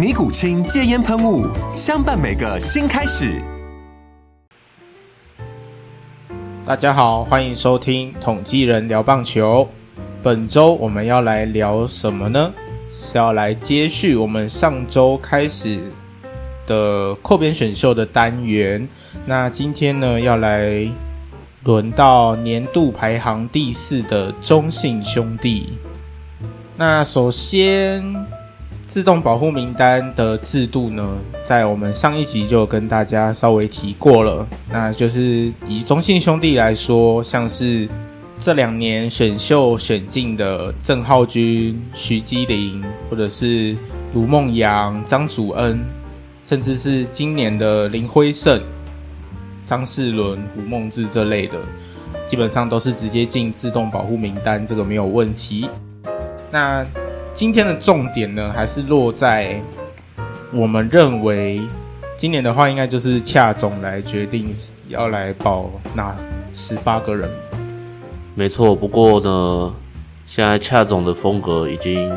尼古清戒煙噴霧，相伴每個新開始。大家好，歡迎收聽統計人聊棒球。本周我們要來聊什麼呢？是要來接續我們上周開始的擴編選秀的單元。那今天呢，要來輪到年度排行第四的中信兄弟。那首先。自動保護名單的制度呢，在我們上一集就跟大家稍微提過了。那就是以中信兄弟來說，像是這兩年選秀選進的鄭浩均、徐基麟，或者是盧孟陽、張祖恩，甚至是今年的林輝勝、張世倫、吳孟志這類的，基本上都是直接進自動保護名單，這個沒有問題。那。今天的重點呢，還是落在我們認為今年的話，應該就是恰總來決定要來保哪十八個人。沒錯，不過呢，現在恰總的風格已經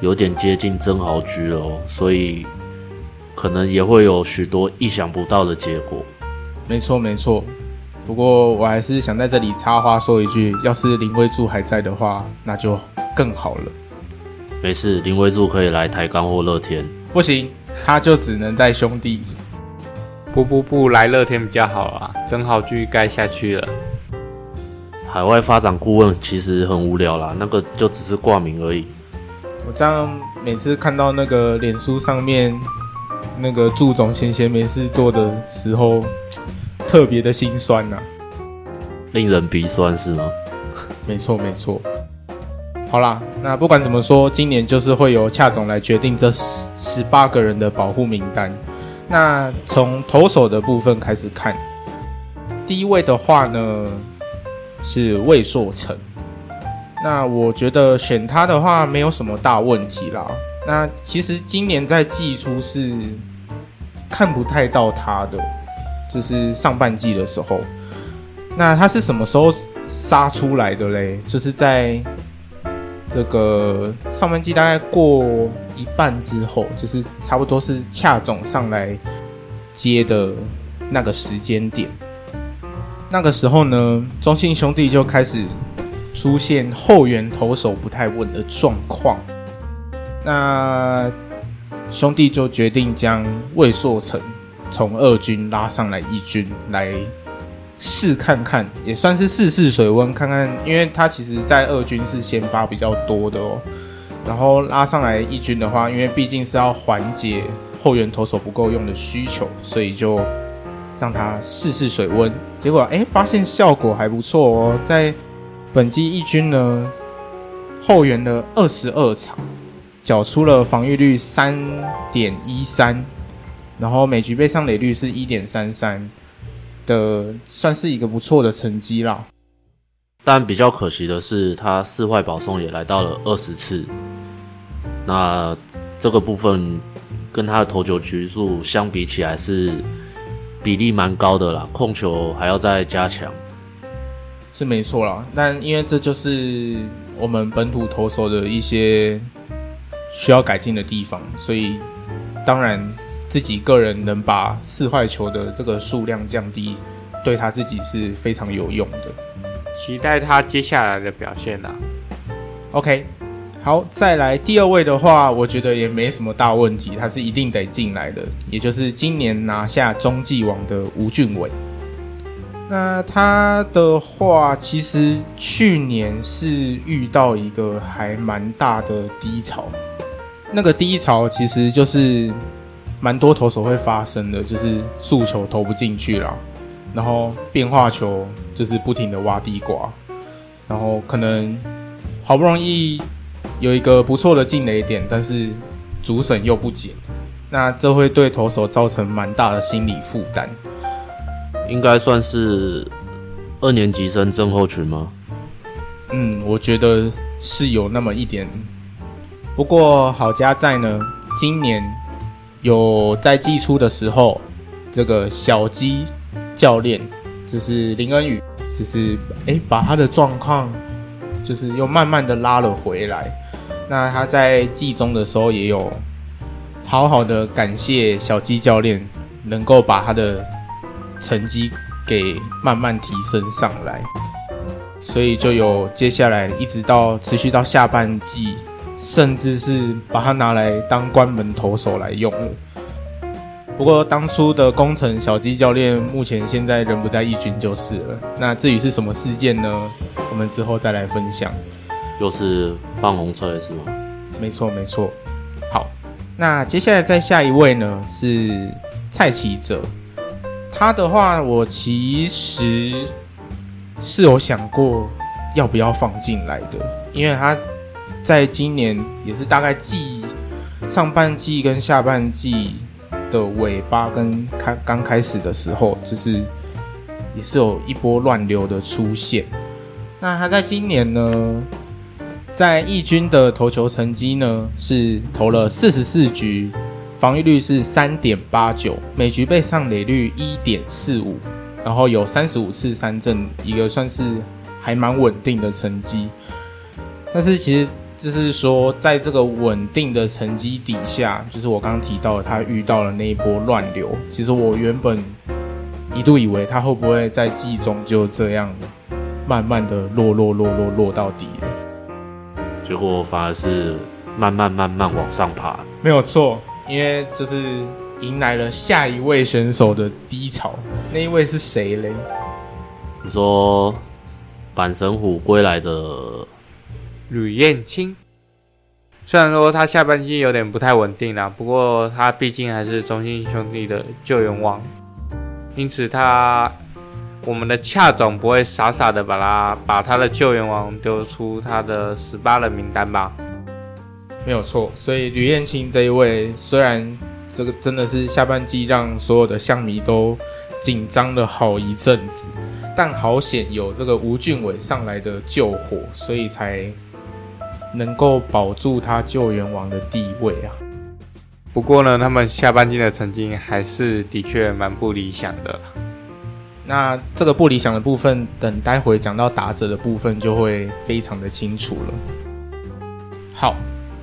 有點接近曾豪駒了，所以可能也會有許多意想不到的結果。沒錯沒錯，不過我還是想在這裡插花說一句：要是林威助還在的話，那就更好了。沒事，林威助可以來台鋼或樂天，不行，他就只能在兄弟。不不不，來樂天比較好啊，真好去蓋下去了。海外發展顧問其實很無聊啦，那個就只是掛名而已。我這樣每次看到那個臉書上面那個助總閒閒沒事做的時候，特別的心酸啊，令人鼻酸是嗎？沒錯沒錯。沒錯好啦，那不管怎麼說，今年就是會由恰總來決定這十十八個人的保護名單。那從投手的部分開始看，第一位的話呢是魏碩成。那我覺得選他的話沒有什麼大問題啦。那其實今年在季初是看不太到他的，就是上半季的時候。那他是什麼時候殺出來的嘞？就是在。這個上半季大概過一半之後，就是差不多是恰總上來接的那個時間點。那個時候呢，中信兄弟就開始出現後援投手不太穩的狀況，那兄弟就決定將魏碩成從二軍拉上來一軍來。試看看，也算是試試水溫，看看，因為他其實在二軍是先發比較多的哦。然後拉上來一軍的話，因為畢竟是要緩解後援投手不夠用的需求，所以就讓他試試水溫。結果哎，發現效果還不錯哦。在本季一軍呢，後援的二十二場，繳出了防禦率三點一三，然後每局被上壘率是一點三三。的算是一個不錯的成績啦，但比較可惜的是，他四壞保送也來到了二十次。那這個部分跟他的投球局數相比起來是比例蠻高的啦，控球還要再加強，是沒錯啦。但因為這就是我們本土投手的一些需要改進的地方，所以當然。自己個人能把四壞球的這個數量降低，對他自己是非常有用的。期待他接下來的表現啊。OK，好，再來第二位的話，我覺得也沒什麼大問題，他是一定得進來的，也就是今年拿下中繼王的吳俊偉。那他的話，其實去年是遇到一個還蠻大的低潮，那個低潮其實就是。蠻多投手會發生的，就是速球投不進去了，然後變化球就是不停的挖地瓜，然後可能好不容易有一個不錯的進壘點，但是主審又不撿，那這會對投手造成蠻大的心理負擔。應該算是二年級生症候群嗎？嗯，我覺得是有那麼一點，不過好家在呢，今年。有在季初的時候，這個小雞教練就是林恩宇，就是誒、欸，把他的狀況就是又慢慢的拉了回來。那他在季中的時候也有好好的感謝小雞教練能夠把他的成績給慢慢提升上來，所以就有接下來一直到持續到下半季。甚至是把他拿來當關門投手來用了。不過當初的工程小雞教練目前現在人不在一軍就是了。那至於是什麼事件呢？我們之後再來分享。又是放紅車是嗎？沒錯沒錯。好，那接下來再下一位呢是蔡齊哲。他的話我其實是有想過要不要放進來的，因為他。在今年也是大概季上半季跟下半季的尾巴跟開剛開始的時候，就是也是有一波亂流的出現。那他在今年呢，在一軍的投球成績呢是投了四十四局，防御率是三點八九，每局被上壘率一點四五，然後有三十五次三振，一個算是還蠻穩定的成績。但是其實。就是說，在這個穩定的成績底下，就是我剛剛提到他遇到了那一波亂流。其實我原本一度以為他會不會在季中就這樣慢慢的落落落落落到底，結果反而是慢慢慢慢往上爬。沒有錯，因為就是迎來了下一位選手的低潮。那一位是誰嘞？你說阪神虎歸來的。呂彥青，雖然說他下半季有點不太穩定啦，不過他畢竟還是中信兄弟的救援王，因此他我們的恰總不會傻傻的把他把他的救援王丟出他的十八人名單吧？沒有錯，所以呂彥青這一位雖然這個真的是下半季讓所有的象迷都緊張了好一陣子，但好險有這個吳俊偉上來的救火，所以才。能夠保住他救援王的地位啊！不過呢，他們下半季的成績還是的確蠻不理想的。那這個不理想的部分，等待會講到打者的部分就會非常的清楚了。好，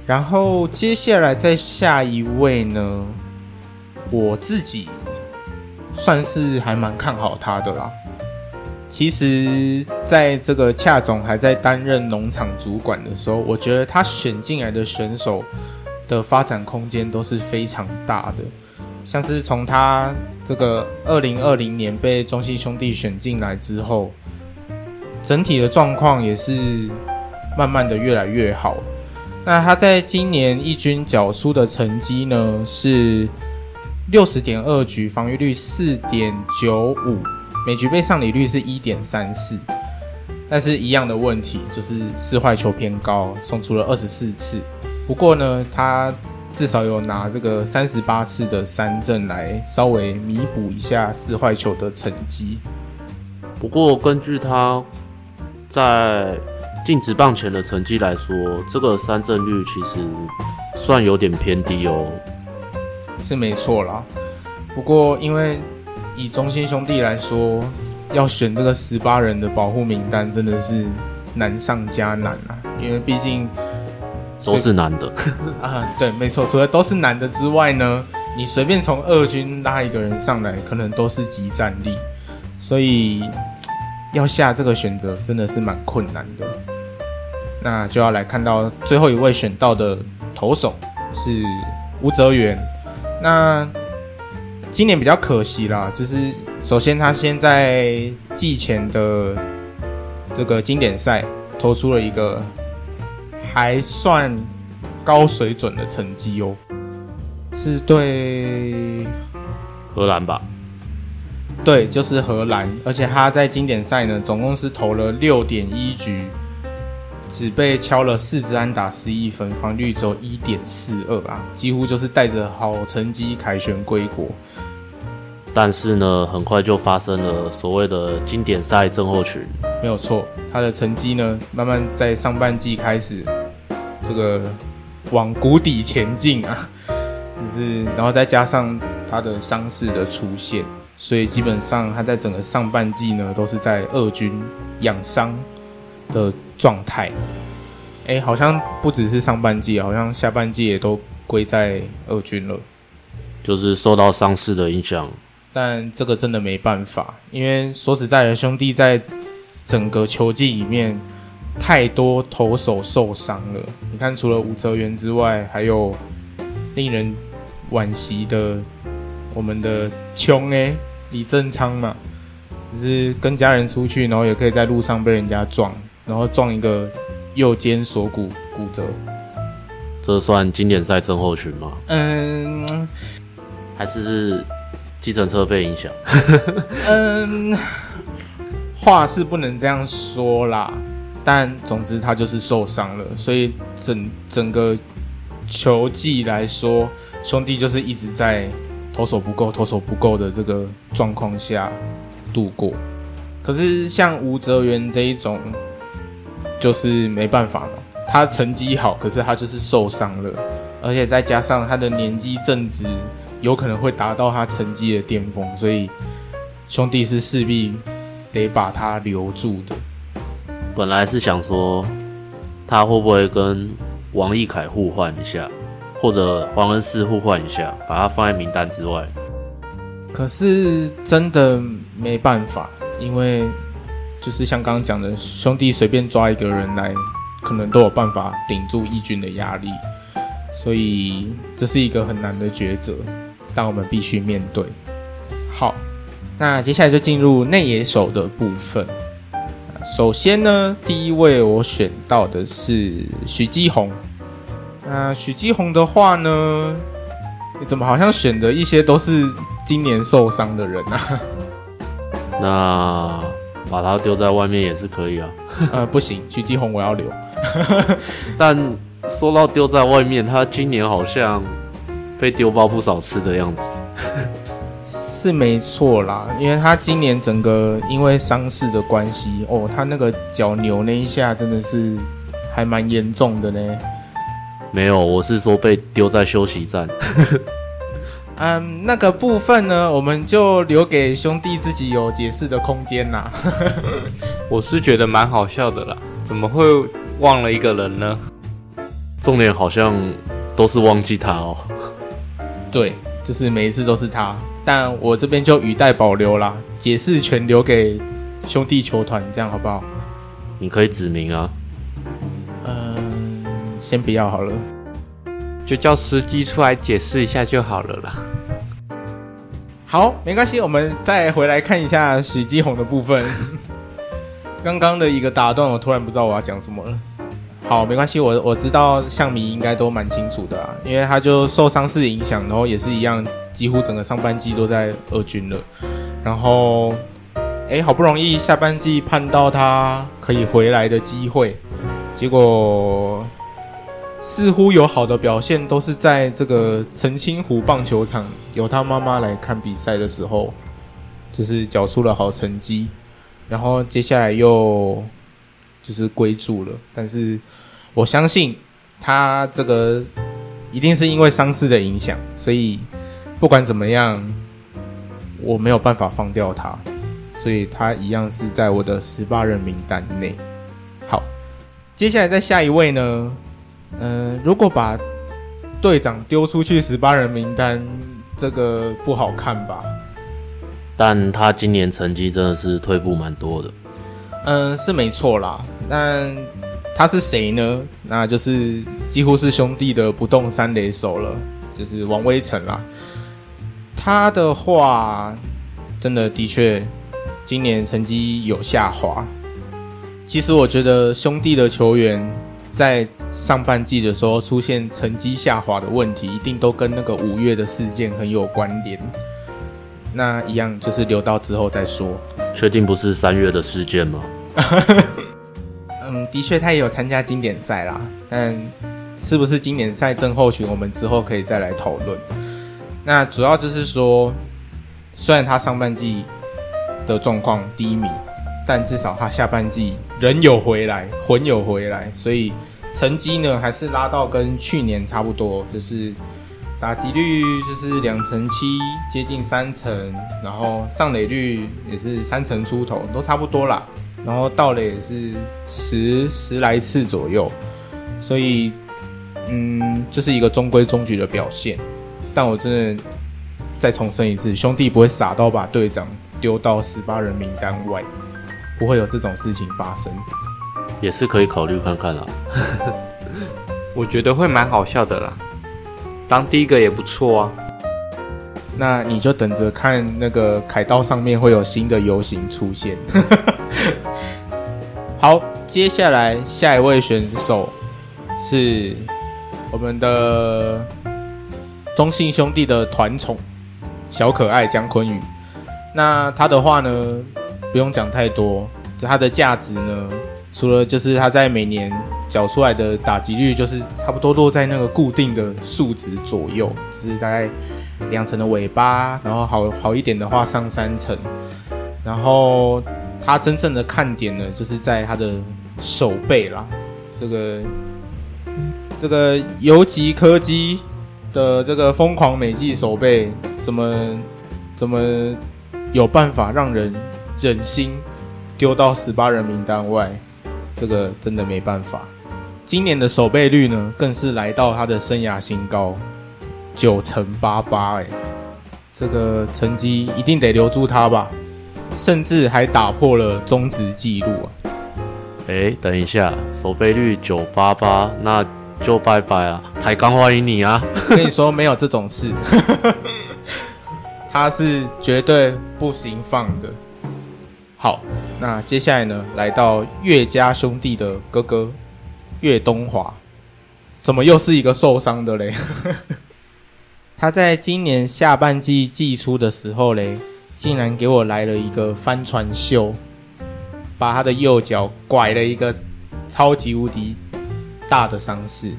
然後接下來再下一位呢，我自己算是還蠻看好他的啦。其實，在這個恰總還在擔任農場主管的時候，我覺得他選進來的選手的發展空間都是非常大的。像是從他這個二零二零年被中信兄弟選進來之後，整體的狀況也是慢慢的越來越好。那他在今年一軍繳出的成績呢，是六十點二局，防禦率四點九五。每局被上壘率是一點三四，但是一樣的問題就是四壞球偏高，送出了二十四次。不過呢，他至少有拿這個三十八次的三振來稍微彌補一下四壞球的成績。不過根據他在進職棒前的成績來說，這個三振率其實算有點偏低哦。是沒錯啦，不過因為。以中信兄弟來說，要選這個十八人的保護名單，真的是難上加難啊！因為畢竟都是男的 啊，對，沒錯，除了都是男的之外呢，你隨便從二軍拉一個人上來，可能都是即戰力，所以要下這個選擇真的是蠻困難的。那就要來看到最後一位選到的投手是吳哲元，那。今年比較可惜啦，就是首先他先在季前的這個經典賽投出了一個還算高水準的成績哦、喔，是對荷蘭吧？對，就是荷蘭，而且他在經典賽呢，總共是投了六點一局。只被敲了四支安打，十一分，防禦率只有一點四二吧，幾乎就是帶着好成績凱旋歸國。但是呢，很快就發生了所謂的經典賽症候群。沒有錯，他的成績呢，慢慢在上半季開始這個往谷底前進啊，就是然後再加上他的傷勢的出現，所以基本上他在整個上半季呢，都是在二軍養傷的狀態，哎、欸，好像不只是上半季，好像下半季也都歸在二軍了，就是受到傷勢的影響。但這個真的沒辦法，因為說實在的，兄弟，在整個球季裡面，太多投手受傷了。你看，除了吳哲源之外，還有令人惋惜的我們的瓊哎、欸、李振昌嘛，只是跟家人出去，然後也可以在路上被人家撞。然後撞一個右肩鎖骨骨折，這算經典賽症候群嗎？嗯，還是計程車被影響？ 嗯， 話是不能這樣說啦，但總之他就是受傷了，所以整整個球季來說，兄弟就是一直在投手不夠、投手不夠的這個狀況下度過。可是像吳哲元這一種。就是沒辦法嘛，他成績好，可是他就是受傷了，而且再加上他的年紀正值，有可能會達到他成績的巔峰，所以兄弟是勢必得把他留住的。本來是想說他會不會跟王奕凱互換一下，或者黃恩賜互換一下，把他放在名單之外。可是真的沒辦法，因為。就是像剛剛講的，兄弟隨便抓一個人來，可能都有辦法頂住義軍的壓力，所以這是一個很難的抉擇，但我們必須面對。好，那接下來就進入內野手的部分。首先呢，第一位我選到的是徐繼紅。那徐繼紅的話呢，你怎麼好像選的一些都是今年受傷的人啊？那。把他丟在外面也是可以啊，呃，不行，許基宏我要留。 但說到丟在外面，他今年好像被丟包不少次的樣子，是沒錯啦，因為他今年整個因為傷勢的關係，哦，他那個腳扭那一下真的是還蠻嚴重的呢。沒有，我是說被丟在休息站。 嗯，那個部分呢，我們就留給兄弟自己有解釋的空間啦。 我是覺得蠻好笑的啦，怎麼會忘了一個人呢？重點好像都是忘記他哦。對，就是每一次都是他，但我這邊就語帶保留啦，解釋權留給兄弟球團，這樣好不好？你可以指名啊。嗯，先不要好了。就叫司機出來解釋一下就好了啦。好，沒關係，我們再回來看一下許基宏的部分。剛 剛的一個打斷，我突然不知道我要講什麼了。好，沒關係，我我知道，鄉民應該都蠻清楚的啊，因為他就受傷勢影響，然後也是一樣，幾乎整個上半季都在二軍了。然後，哎、欸，好不容易下半季盼到他可以回來的機會，結果。似乎有好的表現，都是在這個澄清湖棒球場，由他媽媽來看比賽的時候，就是繳出了好成績，然後接下來又就是歸住了。但是我相信他這個一定是因為傷勢的影響，所以不管怎麼樣，我沒有辦法放掉他，所以他一樣是在我的十八人名單內。好，接下來再下一位呢？嗯，如果把隊長丟出去十八人名單，這個不好看吧？但他今年成績真的是退步蠻多的。嗯，是沒錯啦。那他是誰呢？那就是幾乎是兄弟的不動三壘手了，就是王威晨啦。他的話，真的的確，今年成績有下滑。其實我覺得兄弟的球員。在上半季的時候出現成績下滑的問題，一定都跟那個五月的事件很有關聯。那一樣就是留到之後再說。確定不是三月的事件嗎？ 嗯，的確他也有參加經典賽啦，但是不是經典賽症候群，我們之後可以再來討論。那主要就是說，雖然他上半季的狀況低迷。但至少他下半季人有回來，魂有回來，所以成績呢還是拉到跟去年差不多，就是打擊率就是兩成七，接近三成，然後上壘率也是三成出頭，都差不多啦。然後盜壘也是十十來次左右，所以嗯，這、就是一個中規中矩的表現。但我真的再重申一次，兄弟不會傻到把隊長丟到十八人名單外。不會有這種事情發生，也是可以考慮看看啦、啊。 我覺得會蠻好笑的啦。當第一個也不錯啊。那你就等着看那個凱道上面會有新的遊行出現。 好，接下來下一位選手是我們的中信兄弟的團寵小可愛江坤宇。那他的話呢？不用講太多，就它的價值呢，除了就是它在每年繳出來的打擊率，就是差不多落在那個固定的數值左右，就是大概兩成的尾巴，然後好好一點的話上三成。然後它真正的看點呢，就是在它的守備啦，這個、嗯、這個游擊柯基的這個瘋狂美技守備，怎麼怎麼有辦法讓人忍心丟到十八人名單外，這個真的沒辦法。今年的守備率呢，更是來到他的生涯新高九成八八，哎、欸，這個成績一定得留住他吧？甚至還打破了中職紀錄啊！哎，等一下，守備率九八八，那就拜拜啊。台鋼歡迎你啊！ 跟你說沒有這種事， 他是絕對不行放的。好，那接下來呢？來到岳家兄弟的哥哥岳東華，怎麼又是一個受傷的嘞？ 他在今年下半季季初的時候嘞，竟然給我來了一個翻船秀，把他的右腳拐了一個超級無敵大的傷勢。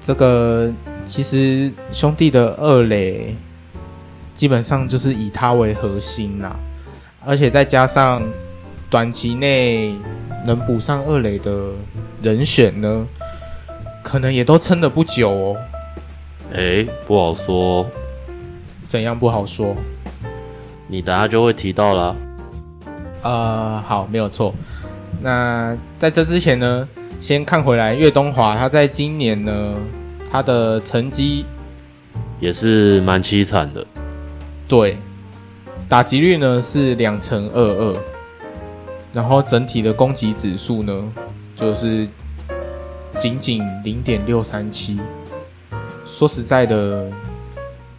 這個其實兄弟的二壘，基本上就是以他為核心啦、啊。而且再加上短期內能補上二壘的人選呢，可能也都撐了不久哦。哎、欸，不好說。怎樣不好說？你等下就會提到了。呃，好，沒有錯。那在這之前呢，先看回來，岳東華他在今年呢，他的成績也是蠻淒慘的。對。打擊率呢是兩成二二，22, 然後整體的攻擊指數呢就是僅僅零點六三七。說實在的，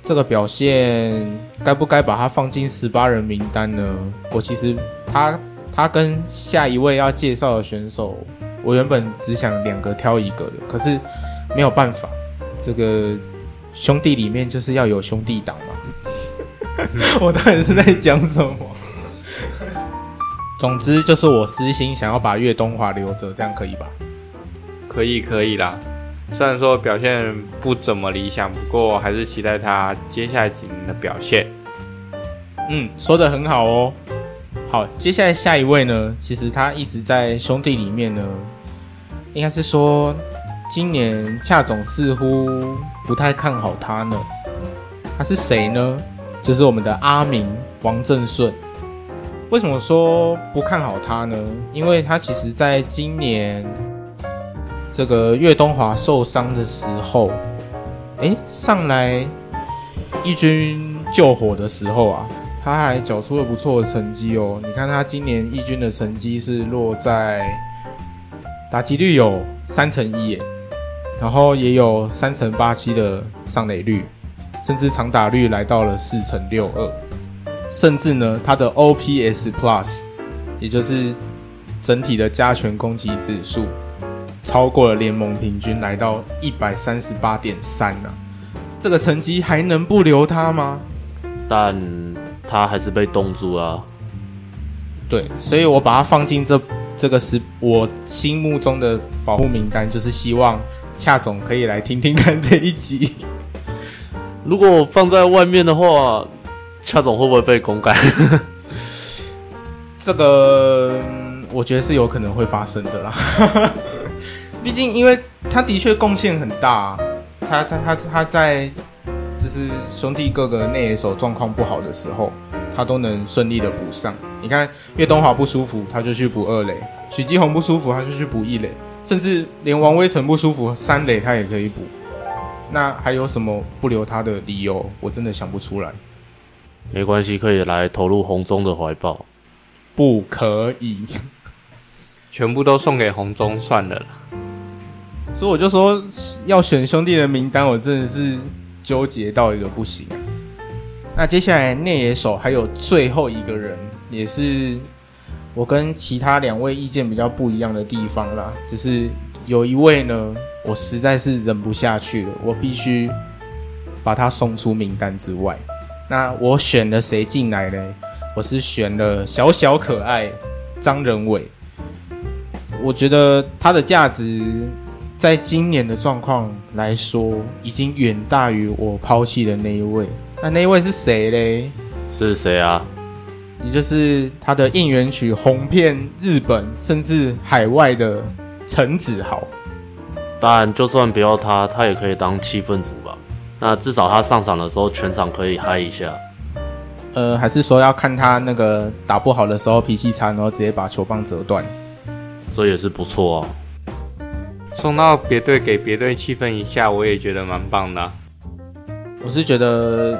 這個表現該不該把他放進十八人名單呢？我其實他他跟下一位要介紹的選手，我原本只想兩個挑一個的，可是沒有辦法，這個兄弟裡面就是要有兄弟檔嘛。 我到底是在講什麼， 總之就是我私心想要把岳東華留着，這樣可以吧？可以可以啦，雖然說表現不怎麼理想，不過還是期待他接下來幾年的表現。嗯，說得很好哦。好，接下來下一位呢？其實他一直在兄弟裡面呢，應該是說今年恰總似乎不太看好他呢，他是誰呢？就是我們的阿明王正順，為什麼說不看好他呢？因為他其實在今年這個岳東華受傷的時候，哎、欸，上來一軍救火的時候啊，他還繳出了不錯的成績哦。你看他今年一軍的成績是落在打擊率有三成一耶，然後也有三成八七的上壘率。甚至長打率來到了四成六二，甚至呢，他的 OPS Plus，也就是整體的加權攻擊指數，超過了聯盟平均，來到一百三十八點三啊。這個成績還能不留他嗎？但他還是被凍住了。對，所以我把他放進這這個是我心目中的保護名單，就是希望恰總可以來聽聽看這一集。如果我放在外面的話，恰總會不會被公幹？ 這個我覺得是有可能會發生的啦，畢 竟因為他的確貢獻很大，他他他他在就是兄弟哥哥內野手狀況不好的時候，他都能順利的補上。你看岳東華不舒服，他就去補二壘；許基宏不舒服，他就去補一壘；甚至連王威晨不舒服，三壘他也可以補。那還有什麼不留他的理由？我真的想不出來。沒關係，可以來投入紅中的懷抱。不可以， 全部都送給紅中算了。所以我就說，要選兄弟的名單，我真的是糾結到一個不行。那接下來內野手還有最後一個人，也是我跟其他兩位意見比較不一樣的地方啦，就是。有一位呢，我實在是忍不下去了，我必須把他送出名單之外。那我選了誰進來呢？我是選了小小可愛張仁偉。我覺得他的價值在今年的狀況來說，已經遠大於我拋棄的那一位。那那一位是誰嘞？是誰啊？也就是他的應援曲紅遍日本甚至海外的。陳子豪，當然，就算不要他，他也可以當氣氛組吧？那至少他上場的時候，全場可以嗨一下。呃，還是說要看他那個打不好的時候，脾氣差，然後直接把球棒折斷，這也是不錯哦、啊。送到別隊給別隊氣氛一下，我也覺得蠻棒的、啊。我是覺得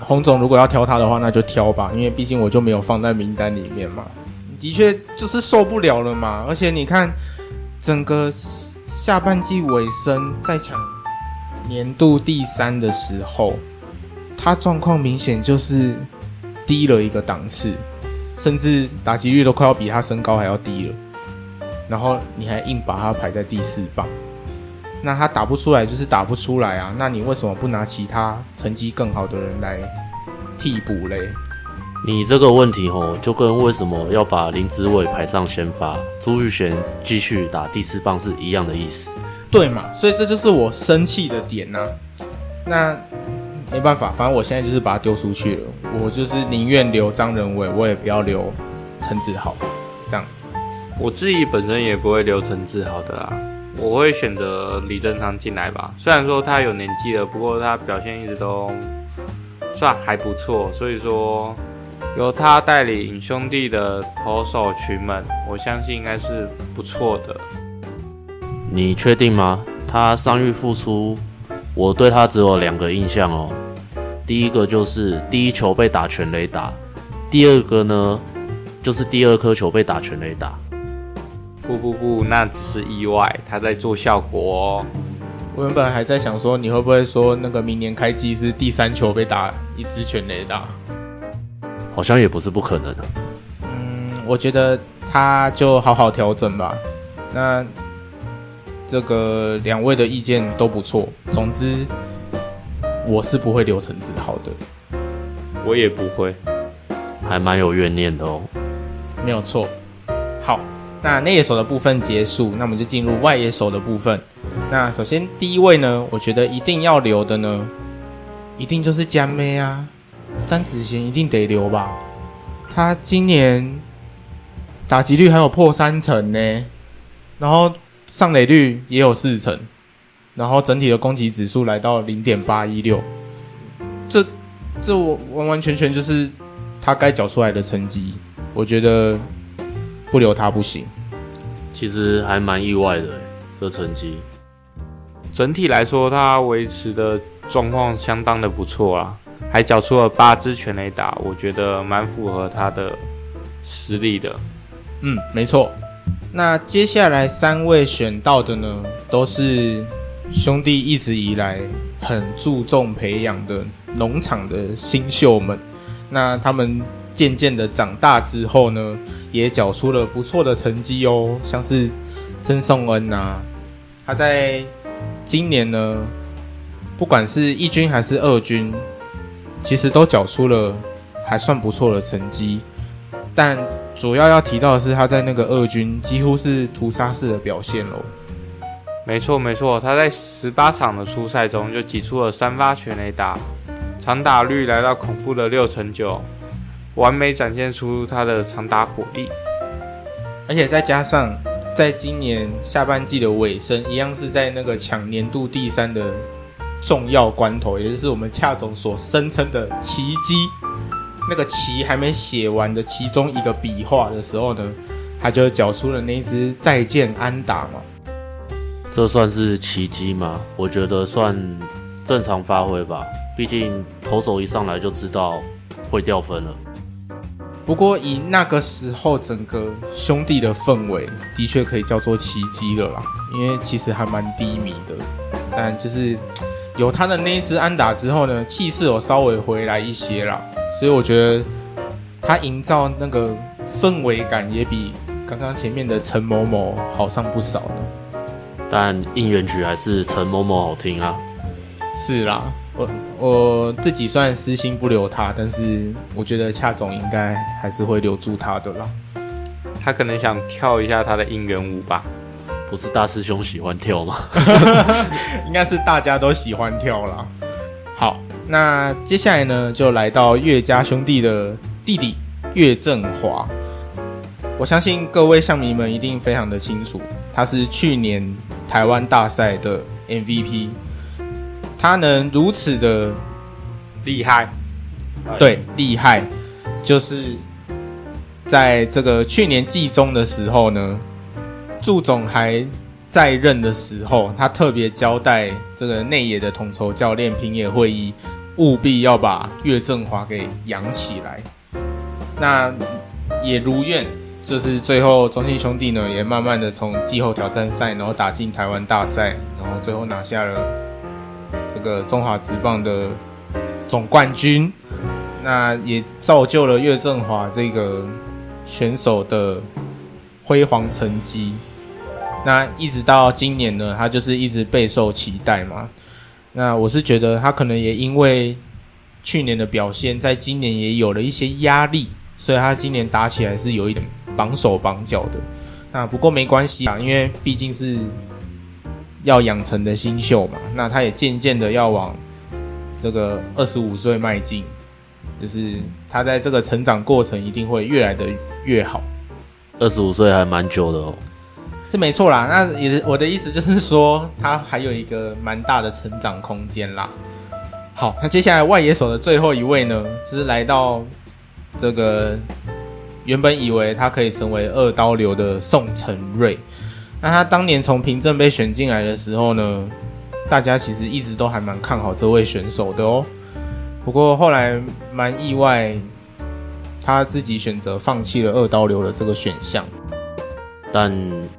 洪總如果要挑他的話，那就挑吧，因為畢竟我就沒有放在名單裡面嘛。的確，就是受不了了嘛。而且你看。整個下半季尾聲在搶年度第三的時候，他狀況明顯就是低了一個檔次，甚至打擊率都快要比他身高還要低了。然後你還硬把他排在第四棒，那他打不出來就是打不出來啊！那你為什麼不拿其他成績更好的人來替補咧？你這個問題哦，就跟為什麼要把林子偉排上先發，朱育賢繼續打第四棒是一樣的意思，對嘛？所以這就是我生氣的點吶、啊。那沒辦法，反正我現在就是把他丟出去了。我就是寧願留張仁偉，我也不要留陳子豪。這樣，我自己本身也不會留陳子豪的啦，我會選擇李正昌進來吧。雖然說他有年紀了，不過他表現一直都算還不錯，所以說。由他帶領兄弟的投手群們，我相信應該是不錯的。你確定嗎？他傷癒復出，我對他只有兩個印象哦。第一個就是第一球被打全壘打，第二個呢就是第二顆球被打全壘打。不不不，那只是意外，他在做效果哦。我原本還在想說你會不會說那個明年開機是第三球被打一支全壘打。好像也不是不可能的。嗯，我覺得他就好好調整吧。那這個兩位的意見都不錯。總之，我是不會留陳志豪的。我也不會，還蠻有怨念的哦。沒有錯。好，那內野手的部分結束，那我們就進入外野手的部分。那首先第一位呢，我覺得一定要留的呢，一定就是江美啊。詹子賢一定得留吧，他今年打擊率還有破三成呢。欸，然後上壘率也有四成，然後整體的攻擊指數來到零點八一六，這這我完完全全就是他該繳出來的成績，我覺得不留他不行。其實還蠻意外的。欸，這成績整體來說，他維持的狀況相當的不錯啊。還繳出了八支全壘打，我覺得蠻符合他的實力的。嗯，沒錯。那接下來三位選到的呢，都是兄弟一直以來很注重培養的農場的新秀們。那他們漸漸的長大之後呢，也繳出了不錯的成績哦，像是曾頌恩吶、啊，他在今年呢，不管是一軍還是二軍，其實都繳出了還算不錯的成績，但主要要提到的是他在那個二軍幾乎是屠殺式的表現咯。沒錯沒錯，他在十八場的出賽中就擠出了三發全壘打，長打率來到恐怖的六成九，完美展現出他的長打火力。而且再加上在今年下半季的尾聲，一樣是在那個搶年度第三的。重要關頭，也就是我們恰總所聲稱的奇蹟，那個“奇”還沒寫完的其中一個筆畫的時候呢，他就繳出了那支再見安打嘛。這算是奇蹟嗎？我覺得算正常發揮吧，畢竟投手一上來就知道會掉分了。不過以那個時候整個兄弟的氛圍，的確可以叫做奇蹟了啦，因為其實還蠻低迷的，但就是。有他的那一支安打之後呢，氣勢有稍微回來一些啦，所以我覺得他營造那個氛圍感也比剛剛前面的陳某某好上不少呢。但應援曲還是陳某某好聽啊！是啦，我我自己雖然私心不留他，但是我覺得恰總應該還是會留住他的啦。他可能想跳一下他的應援舞吧。不是大師兄喜歡跳嗎？ 應該是大家都喜歡跳啦。好，那接下來呢，就來到岳家兄弟的弟弟岳政華。我相信各位象迷們一定非常的清楚，他是去年台灣大賽的 MVP。他能如此的厲害，對，厲害就是在這個去年季中的時候呢。祝總還在任的時候，他特別交代這個內野的統籌教練平野惠一，務必要把岳政華給養起來。那也如願，就是最後中信兄弟呢，也慢慢的從季後挑戰賽，然後打進台灣大賽，然後最後拿下了這個中華職棒的總冠軍。那也造就了岳政華這個選手的輝煌成績。那一直到今年呢，他就是一直備受期待嘛。那我是覺得他可能也因為去年的表現，在今年也有了一些壓力，所以他今年打起來是有一點綁手綁腳的。那不過沒關係啊，因為畢竟是要養成的新秀嘛。那他也漸漸的要往這個二十五歲邁進，就是他在這個成長過程一定會越來的越好。二十五歲還蠻久的哦。是沒錯啦，那也是我的意思，就是說他還有一個蠻大的成長空間啦。好，那接下來外野手的最後一位呢，就是來到這個原本以為他可以成為二刀流的宋承瑞。那他當年從平鎮被選進來的時候呢，大家其實一直都還蠻看好這位選手的喔。不過後來蠻意外，他自己選擇放棄了二刀流的這個選項，但。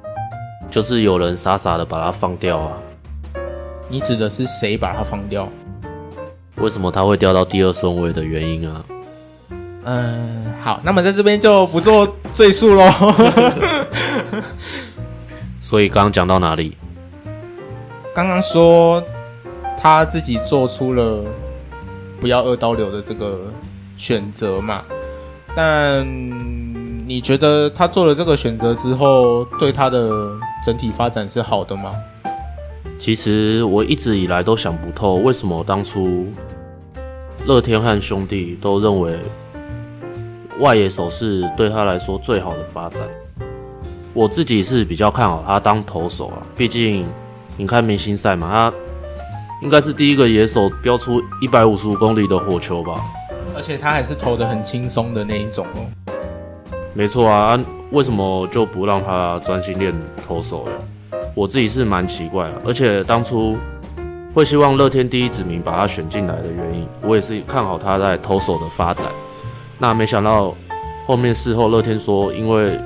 就是有人傻傻的把他放掉啊？你指的是誰把他放掉？為什麼他會掉到第二順位的原因啊？嗯，好，那麼在這邊就不做贅述咯。 所以剛剛講到哪裡？剛剛說他自己做出了不要二刀流的這個選擇嘛，但。你覺得他做了這個選擇之後，對他的整體發展是好的嗎？其實我一直以來都想不透，為什麼我當初樂天和兄弟都認為外野手是對他來說最好的發展。我自己是比較看好他當投手啊，畢竟你看明星賽嘛，他應該是第一個野手飆出一百五十五公里的火球吧，而且他還是投得很輕鬆的那一種哦。沒錯啊，啊為什麼就不讓他專心練投手呢？我自己是蠻奇怪的，而且當初會希望樂天第一指名把他選進來的原因，我也是看好他在投手的發展。那沒想到後面事後樂天說，因為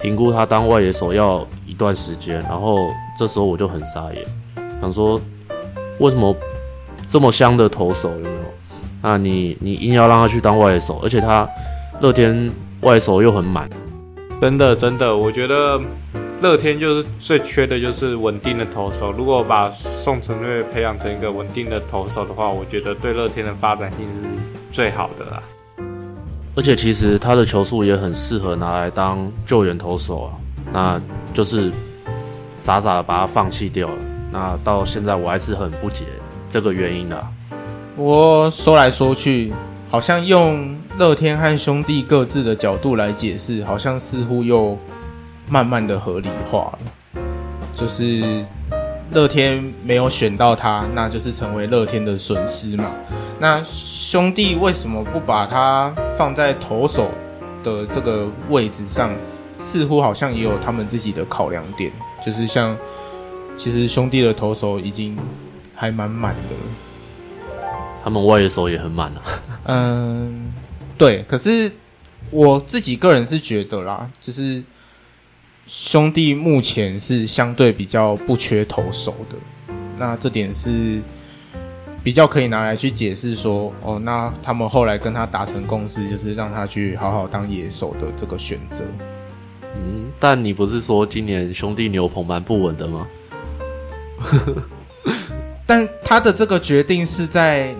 評估他當外野手要一段時間，然後這時候我就很傻眼，想說為什麼這麼香的投手有沒有？那你你硬要讓他去當外野手，而且他樂天。外手又很滿，真的真的，我覺得樂天就是最缺的就是穩定的投手。如果把宋承瑞培養成一個穩定的投手的話，我覺得對樂天的發展性是最好的啦。而且其實他的球速也很適合拿來當救援投手啊。那就是傻傻的把他放棄掉了。那到現在我還是很不解這個原因啊。我說來說去，好像用。樂天和兄弟各自的角度來解釋，好像似乎又慢慢的合理化了。就是樂天沒有選到他，那就是成為樂天的損失嘛。那兄弟為什麼不把他放在投手的這個位置上？似乎好像也有他們自己的考量點，就是像其實兄弟的投手已經還蠻滿的，他們外野手也很滿了啊。嗯、 呃。對，可是我自己個人是覺得啦，就是兄弟目前是相對比較不缺投手的，那這點是比較可以拿來去解釋說，哦，那他們後來跟他達成共識，就是讓他去好好當野手的這個選擇。嗯，但你不是說今年兄弟牛棚蠻不穩的嗎？ 但他的這個決定是在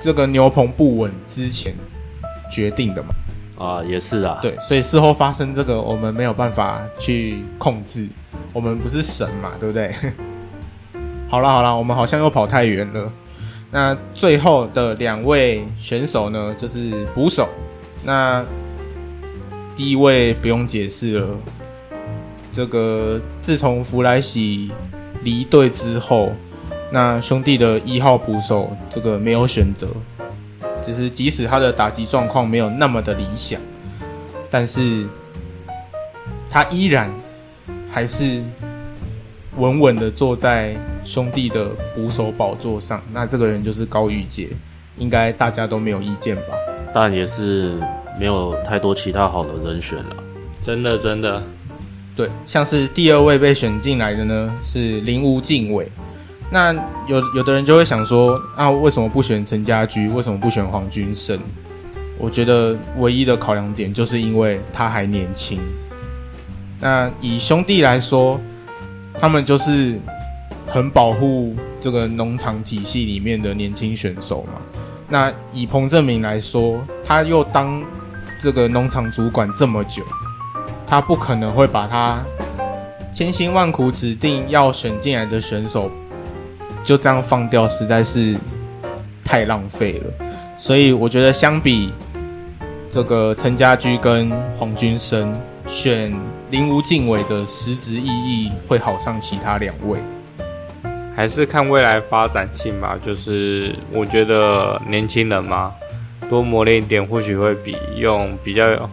這個牛棚不穩之前決定的嘛，啊，也是啊，對，所以事後發生這個，我們沒有辦法去控制，我們不是神嘛，對不對？好啦好啦，我們好像又跑太遠了。那最後的兩位選手呢，就是捕手。那第一位不用解釋了，這個自從福來喜離隊之後，那兄弟的一號捕手，這個沒有選擇。只是，即使他的打擊狀況沒有那麼的理想，但是，他依然還是穩穩的坐在兄弟的捕手寶座上。那這個人就是高宇杰，應該大家都沒有意見吧？但也是沒有太多其他好的人選了。真的，真的，對，像是第二位被選進來的呢，是林無敬畏。那有有的人就會想說，那、啊、為什麼不選陳家駒？為什麼不選黃君生？我覺得唯一的考量點就是因為他還年輕。那以兄弟來說，他們就是很保護這個農場體系裡面的年輕選手嘛。那以彭政閔來說，他又當這個農場主管這麼久，他不可能會把他千辛萬苦指定要選進來的選手，就這樣放掉實在是太浪費了，所以我覺得相比這個陳家駒跟黃鈞聲，選林吳晉瑋的實質意義會好上其他兩位，還是看未來發展性吧。就是我覺得年輕人嘛，多磨練一點，或許會比用比較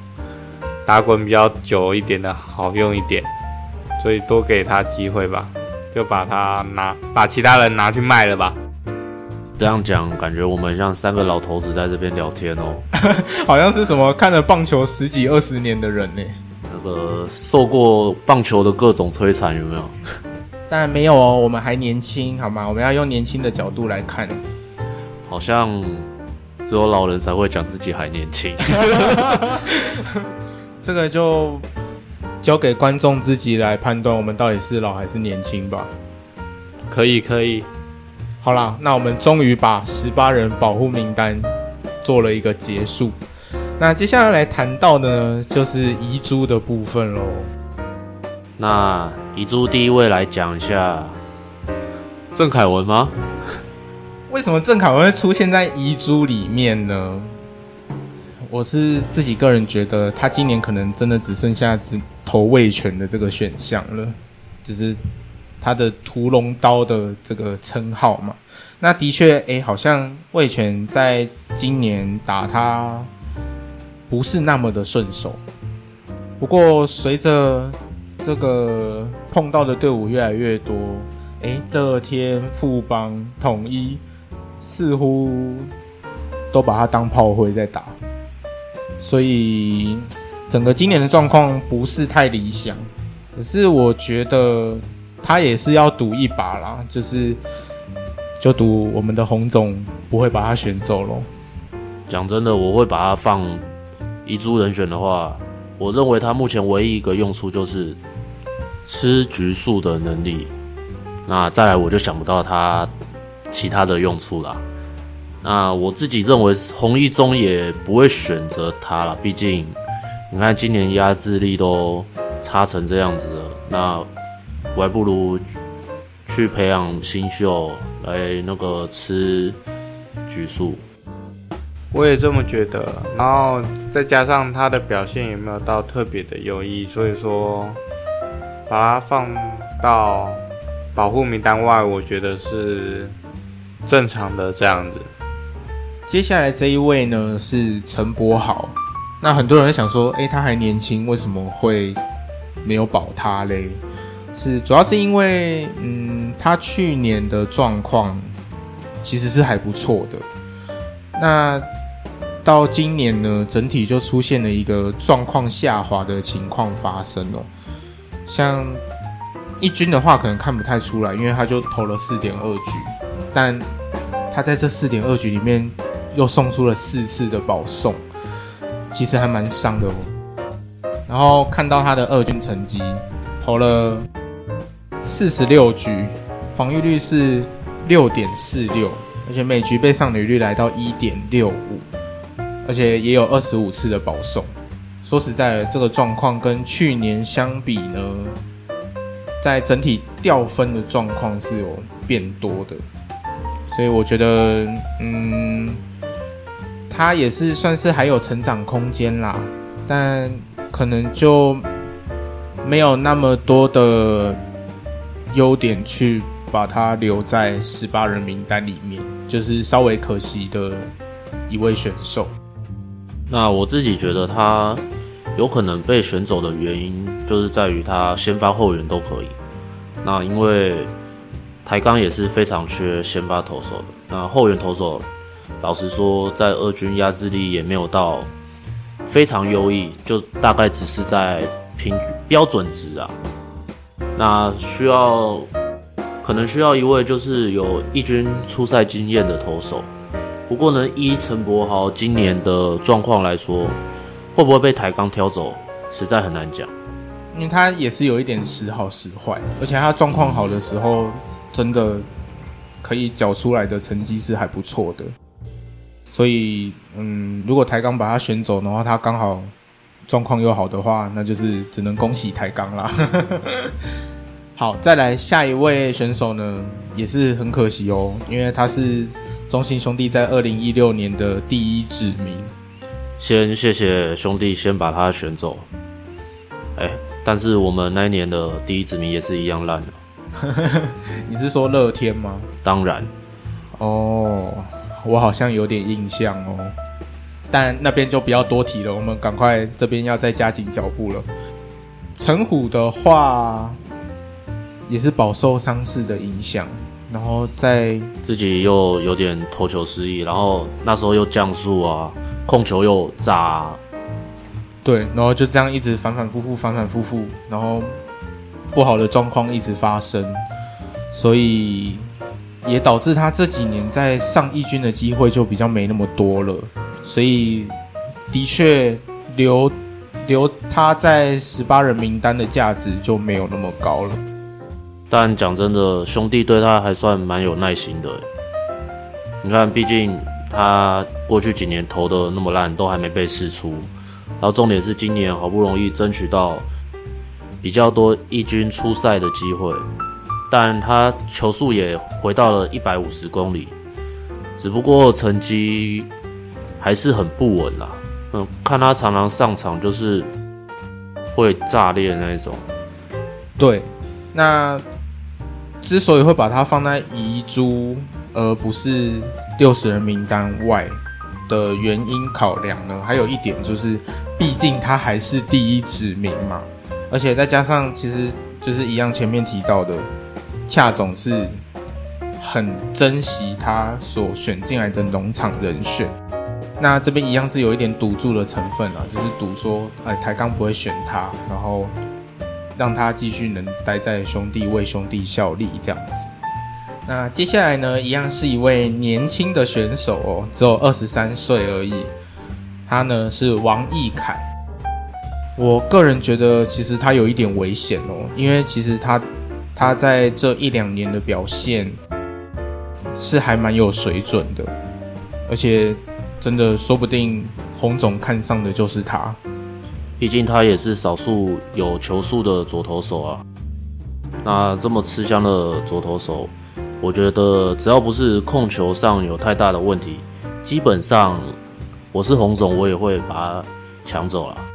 打滾比較久一點的好用一點，所以多給他機會吧。就把它拿，把其他人拿去賣了吧。這樣講，感覺我們很像三個老頭子在這邊聊天哦。 好像是什麼看了棒球十幾二十年的人呢？那個受過棒球的各種摧殘有沒有？當然沒有哦，我們還年輕，好嗎？我們要用年輕的角度來看。好像只有老人才會講自己還年輕。 這個就。交給觀眾自己來判斷，我們到底是老還是年輕吧。可以，可以。好啦，那我們終於把十八人保護名單做了一個結束。那接下來談到的呢，就是遺珠的部分嘍。那遺珠第一位來講一下鄭凱文嗎？為什麼鄭凱文會出現在遺珠裡面呢？我是自己個人覺得，他今年可能真的只剩下只。投魏全的這個選項了，只、就是他的屠龍刀的這個稱號嘛。那的確，哎、欸，好像魏全在今年打他不是那麼的順手。不過隨着這個碰到的隊伍越來越多，哎、欸，樂天、富邦、統一似乎都把他當炮灰在打，所以。整個今年的狀況不是太理想，可是我覺得他也是要賭一把啦，就是就賭我們的洪總不會把他選走咯。講真的，我會把他放遺珠人選的話，我認為他目前唯一一個用處就是吃局數的能力。那再來我就想不到他其他的用處了。那我自己認為洪一中也不會選擇他了，畢竟。你看今年壓制力都差成這樣子了，那我還不如去培養新秀來那個吃局數，我也這麼覺得。然後再加上他的表現也沒有到特別的優異，所以說把他放到保護名單外，我覺得是正常的這樣子。接下來這一位呢，是陳柏豪。那很多人會想說，誒、欸，他還年輕，為什麼會沒有保他嘞？是主要是因為，嗯，他去年的狀況其實是還不錯的。那到今年呢，整體就出現了一個狀況下滑的情況發生哦、喔。像一軍的話，可能看不太出來，因為他就投了四點二局，但他在這四點二局裡面又送出了四次的保送。其實還蠻傷的哦。然後看到他的二軍成績，投了四十六局，防禦率是六點四六，而且每局被上壘率來到一點六五，而且也有二十五次的保送。說實在的，這個狀況跟去年相比呢，在整體掉分的狀況是有變多的，所以我覺得，嗯。他也是算是還有成長空間啦，但可能就沒有那麼多的優點去把他留在十八人名單裡面，就是稍微可惜的一位選手。那我自己覺得他有可能被選走的原因，就是在於他先發後援都可以。那因為台鋼也是非常缺先發投手的，那後援投手。老實說，在二軍壓制力也沒有到非常優異，就大概只是在平均標準值啊。那需要，可能需要一位就是有一軍出賽經驗的投手。不過呢，依陳柏豪今年的狀況來說，會不會被台鋼挑走，實在很難講。因為他也是有一點時好時壞，而且他狀況好的時候，真的可以繳出來的成績是還不錯的。所以，嗯，如果台鋼把他選走的話，他剛好狀況又好的話，那就是只能恭喜台鋼啦。 好，再來下一位選手呢，也是很可惜哦，因為他是中信兄弟在二零一六年的第一指名。先謝謝兄弟先把他選走。哎、欸，但是我們那一年的第一指名也是一樣爛的。 你是說樂天嗎？當然。哦。我好像有點印象哦，但那邊就不要多提了。我們趕快這邊要再加緊腳步了。陳虎的話也是飽受傷勢的影響，然後在自己又有點投球失憶，然後那時候又降速啊，控球又炸，對，然後就這樣一直反反复复，反反复复，然後不好的狀況一直發生，所以。也導致他這幾年在上一軍的機會就比較沒那麼多了，所以的確留留他在十八人名單的價值就沒有那麼高了。但講真的，兄弟對他還算蠻有耐心的。你看，畢竟他過去幾年投得那麼爛，都還沒被釋出，然後重點是今年好不容易爭取到比較多一軍出賽的機會。但他球速也回到了一百五十公里，只不過成績還是很不穩啦。嗯，看他常常上場就是會炸裂那一種。對，那之所以會把他放在遺珠而不是六十人名單外的原因考量呢，還有一點就是，畢竟他還是第一指名嘛，而且再加上其實就是一樣前面提到的。恰總是很珍惜他所選進來的農場人選，那這邊一樣是有一點賭注的成分啊，就是賭說，哎，台鋼不會選他，然後讓他繼續能待在兄弟為兄弟效力這樣子。那接下來呢，一樣是一位年輕的選手哦、喔，只有二十三歲而已。他呢是王藝凱，我個人覺得其實他有一點危險哦、喔，因為其實他。他在這一兩年的表現是還蠻有水準的，而且真的說不定洪總看上的就是他，畢竟他也是少數有球速的左投手啊。那這麼吃香的左投手，我覺得只要不是控球上有太大的問題，基本上我是洪總，我也會把他搶走了啊。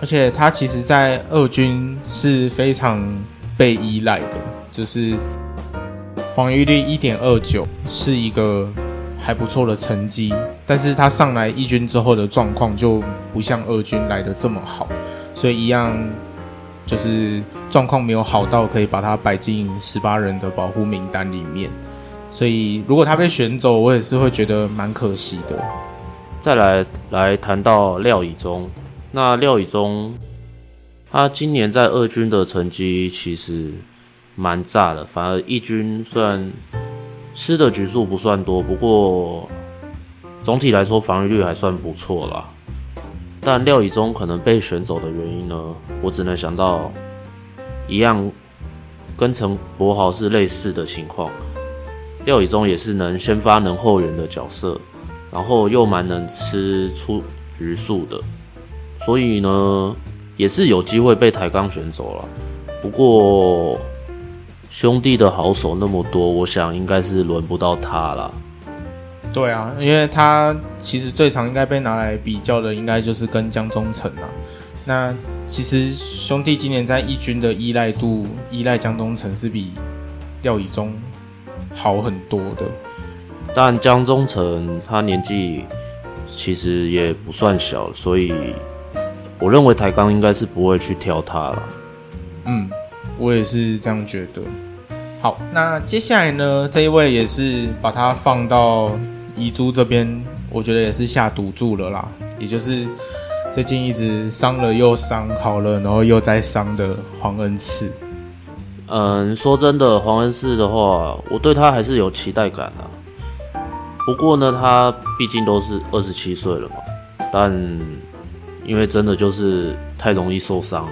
而且他其實，在二軍是非常。被依賴的，就是防禦率一點二九，是一個還不錯的成績。但是他上來一軍之後的狀況就不像二軍來得這麼好，所以一樣就是狀況沒有好到可以把他擺進十八人的保護名單裡面。所以如果他被選走，我也是會覺得蠻可惜的。再來來談到廖以中，那廖以中。他今年在二軍的成績其實蠻炸的，反而一軍雖然吃的局數不算多，不過總體來說防禦率還算不錯啦。但廖以宗可能被選走的原因呢，我只能想到一樣跟陳柏豪是類似的情況，廖以宗也是能先發能後援的角色，然後又蠻能吃出局數的，所以呢。也是有機會被台鋼選走了，不過兄弟的好手那麼多，我想應該是輪不到他了。對啊，因為他其實最常應該被拿來比較的，應該就是跟江忠城啊。那其實兄弟今年在一軍的依賴度，依賴江忠城是比廖宇中好很多的。但江忠城他年紀其實也不算小，所以。我認為台鋼應該是不會去挑他了。嗯，我也是這樣覺得。好，那接下來呢？這一位也是把他放到遺珠這邊，我覺得也是下賭注了啦。也就是最近一直傷了又傷，好了然後又再傷的黃恩賜。嗯，說真的，黃恩賜的話，我對他還是有期待感啊。不過呢，他畢竟都是二十七歲了嘛，但。因為真的就是太容易受傷，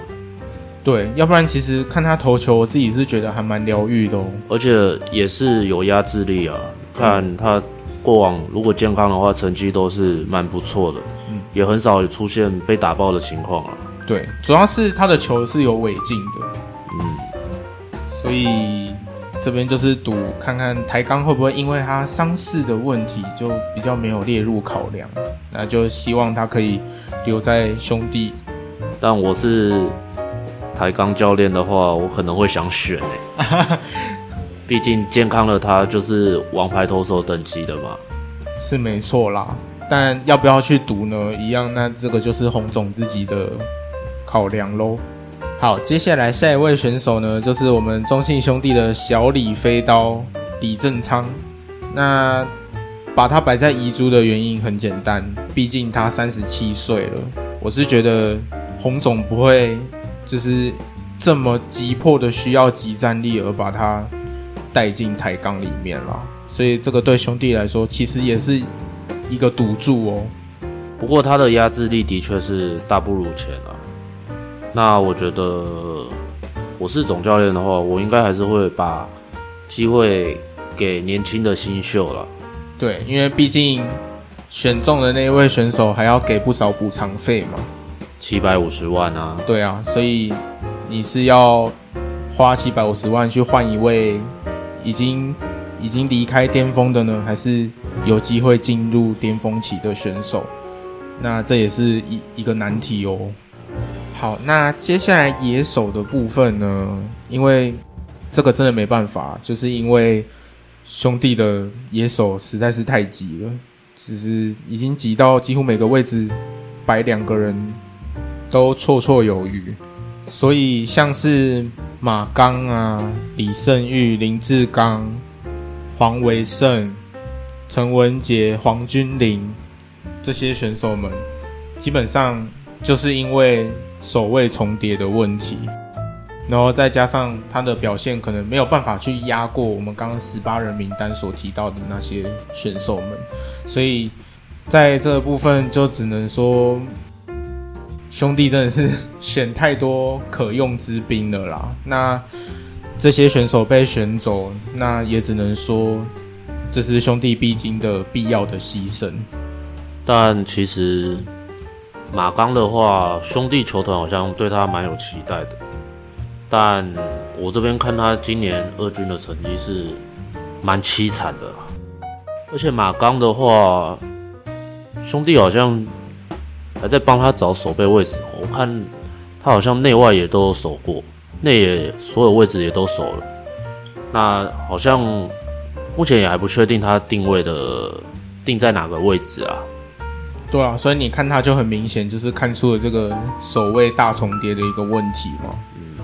對，要不然其實看他投球，我自己是覺得還蠻療癒的哦。而且也是有壓制力啊，看他過往如果健康的話，成績都是蠻不錯的，嗯、也很少有出現被打爆的情況啊。對，主要是他的球是有尾勁的，嗯，所以。這邊就是賭看看台鋼會不會因為他傷勢的問題就比較沒有列入考量，那就希望他可以留在兄弟。但我是台鋼教練的話，我可能會想選、欸、 畢竟健康的他就是王牌投手等級的嘛，是沒錯啦。但要不要去賭呢？一樣，那這個就是洪總自己的考量嘍。好，接下來下一位選手呢，就是我們中信兄弟的小李飛刀李振昌。那把他擺在遺珠的原因很簡單，畢竟他三十七歲了。我是覺得洪總不會就是這麼急迫的需要即戰力而把他帶進台鋼裡面啦，所以這個對兄弟來說其實也是一個賭注哦。不過他的壓制力的確是大不如前了啊。那我覺得，我是總教練的話，我應該還是會把機會給年輕的新秀了。對，因為畢竟選中的那一位選手還要給不少補償費嘛，七百五十萬啊。對啊，所以你是要花七百五十萬去換一位已經已經離開巔峰的呢，還是有機會進入巔峰期的選手？那這也是一一個難題哦。好，那接下來野手的部分呢？因為這個真的沒辦法，就是因為兄弟的野手實在是太擠了，就是已經擠到幾乎每個位置擺兩個人都綽綽有餘，所以像是馬鋼啊、李聖裕、林志綱、黃維勝、陳文傑、黃君玲這些選手們，基本上就是因為。守位重疊的問題，然後再加上他的表現可能沒有辦法去壓過我們剛剛十八人名單所提到的那些選手們，所以在這部分就只能說兄弟真的是選太多可用之兵了啦。那這些選手被選走，那也只能說這是兄弟必經的必要的犧牲。但其實⋯馬剛的話，兄弟球團好像對他蠻有期待的，但我這邊看他今年二軍的成績是蠻淒慘的啊，而且馬剛的話，兄弟好像還在幫他找守備位置，我看他好像內外也都守過，內也所有位置也都守了，那好像目前也還不確定他定位的定在哪個位置啊。對啊，所以你看他就很明顯，就是看出了這個守衛大重疊的一個問題嘛。嗯，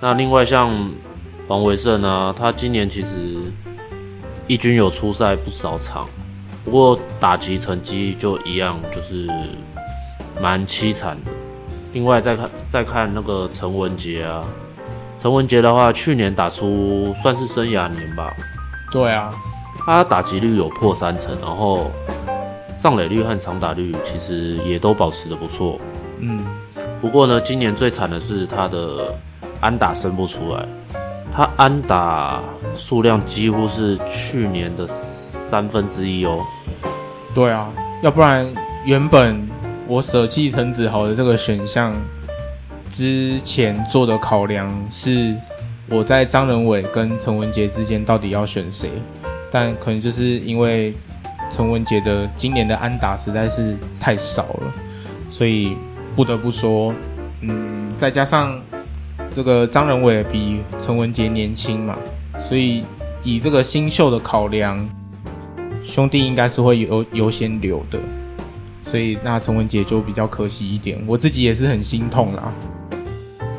那另外像王維勝啊，他今年其實一軍有出賽不少場，不過打擊成績就一樣，就是蠻淒慘的。另外再看再看那個陳文杰啊，陳文杰的話，去年打出算是生涯年吧。對啊，他打擊率有破三成，然後。上壘率和長打率其實也都保持得不錯，嗯，不過呢，今年最慘的是他的安打生不出來，他安打數量幾乎是去年的三分之一哦。對啊，要不然原本我舍棄陳子豪的這個選項之前做的考量是我在張仁偉跟陳文杰之間到底要選誰，但可能就是因為。陳文杰的今年的安打實在是太少了，所以不得不說，嗯，再加上這個張仁瑋比陳文杰年輕嘛，所以以這個新秀的考量，兄弟應該是會有優先留的，所以那陳文杰就比較可惜一點，我自己也是很心痛啦。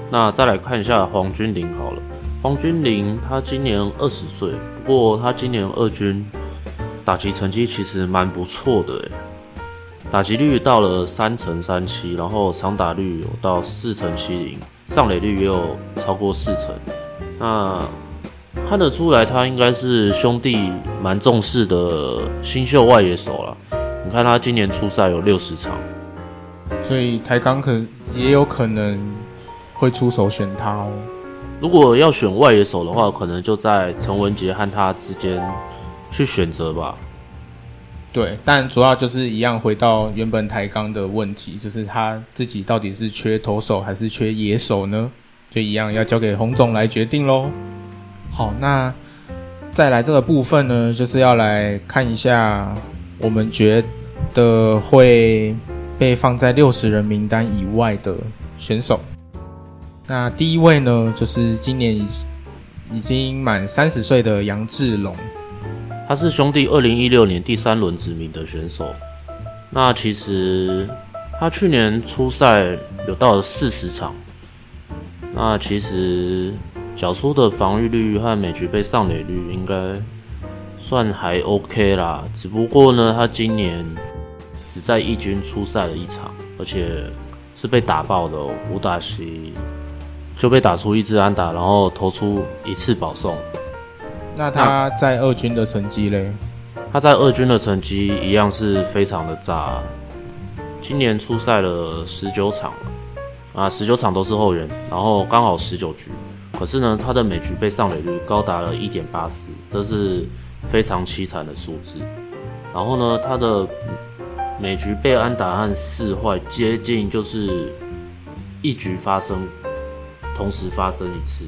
那再來看一下黃君玲好了，黃君玲他今年二十歲，不過他今年二軍。打擊成績其實蠻不錯的，打擊率到了三成三七，37，然後長打率有到四成七零，70，上壘率也有超過四成。那看得出來，他應該是兄弟蠻重視的新秀外野手了。你看他今年出賽有六十場，所以台鋼可也有可能會出手選他。哦。如果要選外野手的話，可能就在陳文杰和他之間去選擇吧，對，但主要就是一樣回到原本台鋼的問題，就是他自己到底是缺投手還是缺野手呢？就一樣要交給洪總來決定嘍。好，那再來這個部分呢，就是要來看一下我們覺得會被放在六十人名單以外的選手。那第一位呢，就是今年已已經滿三十歲的楊志龍。他是兄弟二零一六年第三輪指名的選手，那其實他去年出賽，有到了四十場，那其實小蘇的防御率和每局被上壘率應該算還 OK 啦，只不過呢，他今年只在一軍出賽了一場，而且是被打爆的、哦，五打席就被打出一支安打，然後投出一次保送。那他在二軍的成績嘞？他在二軍的成績一樣是非常的炸、啊。今年出賽了十九場，啊，十九場都是後援，然後剛好十九局。可是呢，他的每局被上壘率高達了一點八四，這是非常淒慘的數字。然後呢，他的每局被安打和四壞接近就是一局發生，同時發生一次。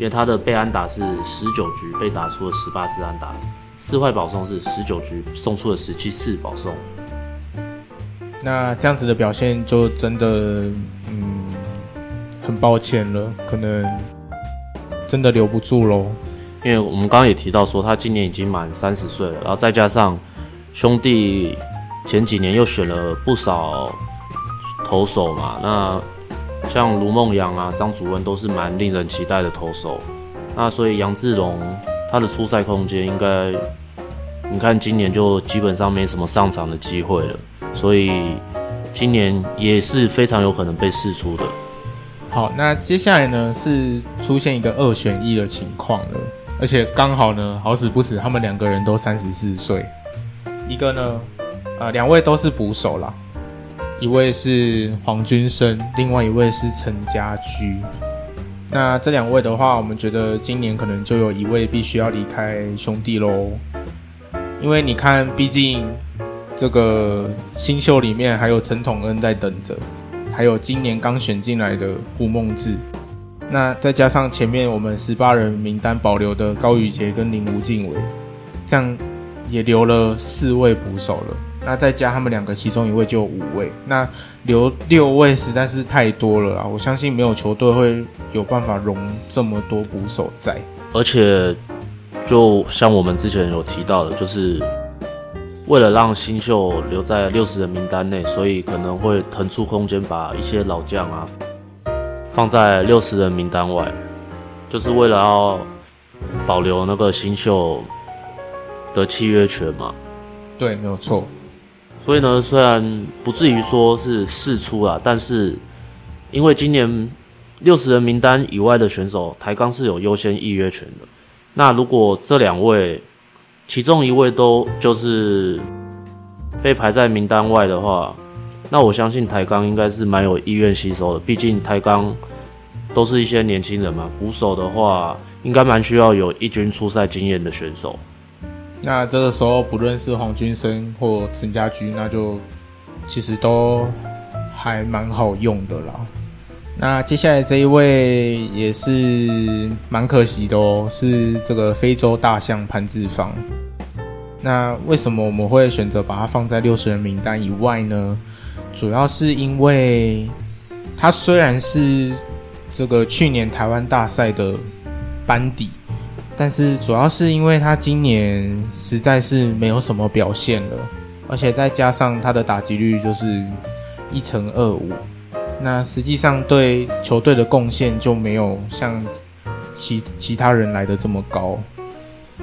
因為他的被安打是十九局被打出了十八次安打，四壞保送是十九局送出了十七次保送，那這樣子的表現就真的，嗯，很抱歉了，可能真的留不住嘍。因為我們剛剛也提到說，他今年已經滿三十歲了，然後再加上兄弟前幾年又選了不少投手嘛，那。像盧孟揚啊、張祖文都是蠻令人期待的投手，那所以楊志龍他的出賽空間應該，你看今年就基本上沒什麼上場的機會了，所以今年也是非常有可能被釋出的。好，那接下來呢是出現一個二選一的情況了，而且剛好呢好死不死他們兩個人都三十四歲，一個呢，呃，兩位都是捕手啦。一位是黃君生，另外一位是陳家駒。那這兩位的話，我們覺得今年可能就有一位必須要離開兄弟嘍。因為你看，畢竟這個新秀裡面還有陳統恩在等着，還有今年剛選進來的胡夢志，那再加上前面我們十八人名單保留的高宇杰跟林無敬偉，這樣也留了四位捕手了。那再加他們兩個，其中一位就五位，那留六位實在是太多了啊！我相信沒有球隊會有辦法容這麼多捕手在。而且，就像我們之前有提到的，就是為了讓新秀留在六十人名單內，所以可能會騰出空間，把一些老將啊放在六十人名單外，就是為了要保留那個新秀的契約權嘛。對，沒有錯。所以呢，雖然不至於說是釋出啦，但是因為今年六十人名單以外的選手台鋼是有優先預約權的。那如果這兩位其中一位都就是被排在名單外的話，那我相信台鋼應該是蠻有意願吸收的。畢竟台鋼都是一些年輕人嘛，鼓手的話應該蠻需要有一軍出賽經驗的選手。那這個時候不論是黃君生或陳家駒，那就其實都還蠻好用的啦。那接下來這一位也是蠻可惜的哦，是這個非洲大象潘志芳。那為什麼我們會選擇把他放在六十人名單以外呢？主要是因為他雖然是這個去年台灣大賽的班底。但是主要是因為他今年實在是沒有什麼表現了，而且再加上他的打擊率就是一成二五，那實際上對球隊的貢獻就沒有像其其他人來得這麼高。